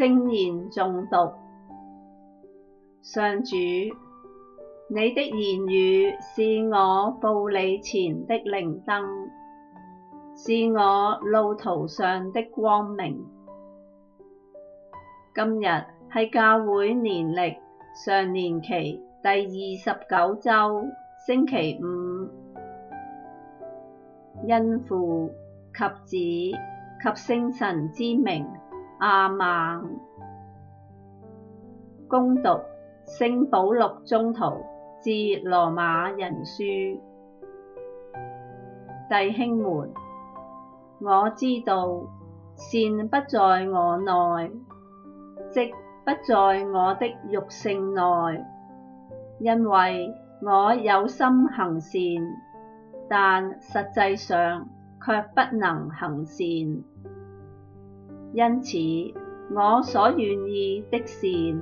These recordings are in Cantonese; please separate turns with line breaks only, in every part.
聖言誦讀：「上主，你的言語是我步履前的靈燈，是我路途上的光明。今日係教會年曆常年期第二十九周星期五，因父及子及聖神之名。阿孟。恭讀聖保祿宗徒致羅馬人書，弟兄們，我知道，善不在我內，即不在我的肉性內，因為我有心行善，但實際上卻不能行善。因此，我所願意的善，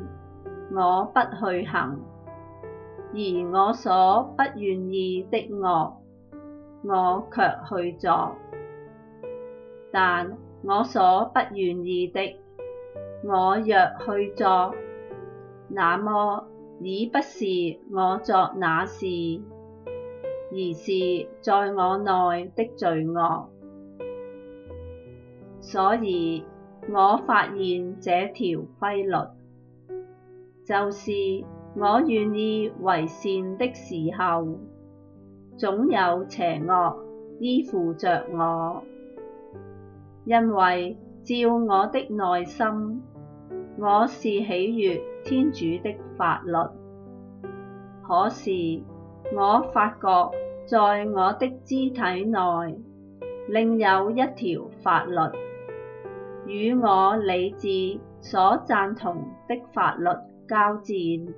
我不去行；而我所不願意的惡，我卻去作。但我所不願意的，我若去作，那麼，已不是我作那事，而是在我內的罪惡。所以，我發現這條規律，就是我願意為善的時候，總有邪惡依附着我。因為照我的內心，我是喜悅天主的法律。可是我發覺在我的肢體內，另有一條法律。與我理智所贊同的法律交戰，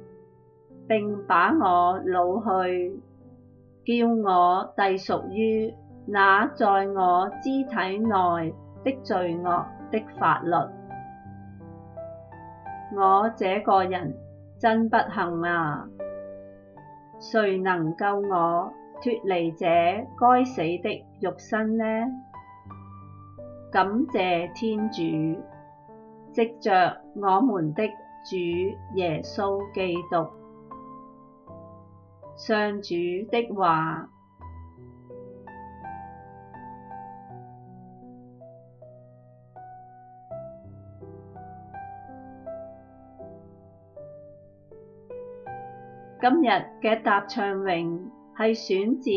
並把我擄去，叫我隸屬於那在我肢體內的罪惡的法律。我這個人真不幸呀！誰能救我脫離這該死的肉身呢？感謝天主，藉着我們的主耶穌基督，上主的話。今日嘅答唱詠係選自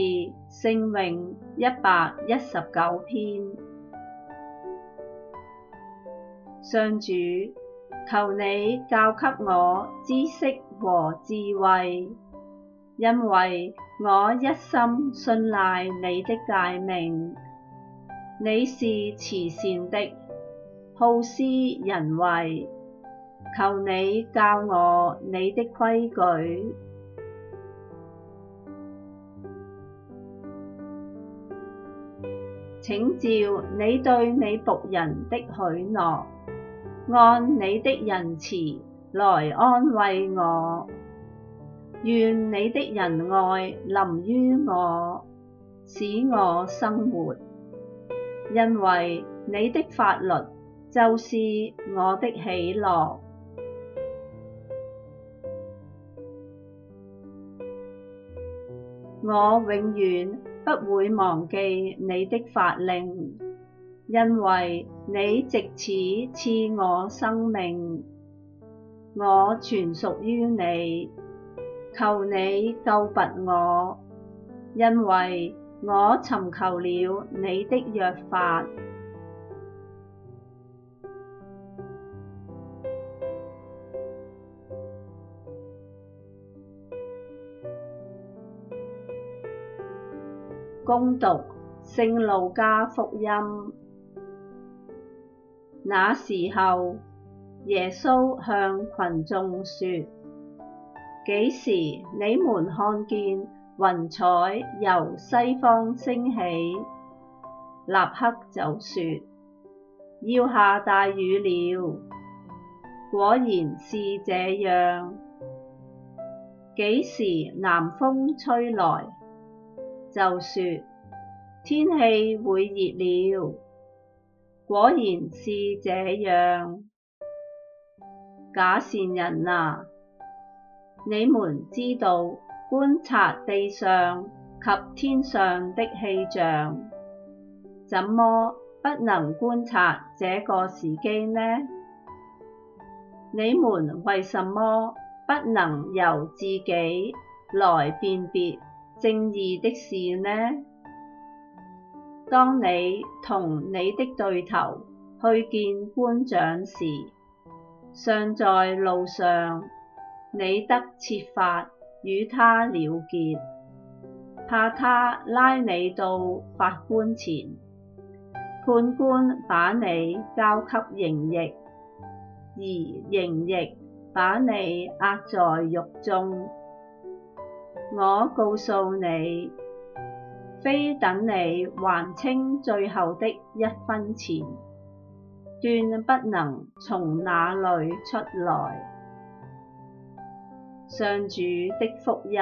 聖詠一百一十九篇。上主，求你教給我知識和智慧，因為我一心信賴你的誡命。你是慈善的，好施仁惠。求你教我你的規矩，請照你對你僕人的許諾。按你的仁慈來安慰我，願你的仁愛臨於我，使我生活。因為你的法律就是我的喜樂，我永遠不會忘記你的法令。因為你藉此賜我生命，我全屬於你。求你救拔我，因為我尋求了你的約法。 恭讀《聖路加福音》。那時候，耶穌向群眾説：幾時你們看見雲彩由西方升起，立刻就説要下大雨了。果然是這樣。幾時南風吹來，就説天氣會熱了。果然是這樣。假善人哪，你們知道觀察地上及天上的氣象，怎麼不能觀察這個時機呢？你們為什麼不能由自己來辨別正義的事呢？當你同你的對頭去見官長時，尚在路上，你得設法與他了結，怕他拉你到法官前，判官把你交給刑役，而刑役把你押在獄中。我告訴你。非等你還清最後的一分錢，斷不能從那裏出來。上主的福音。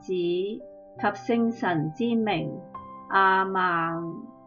及子及聖神之名，阿們。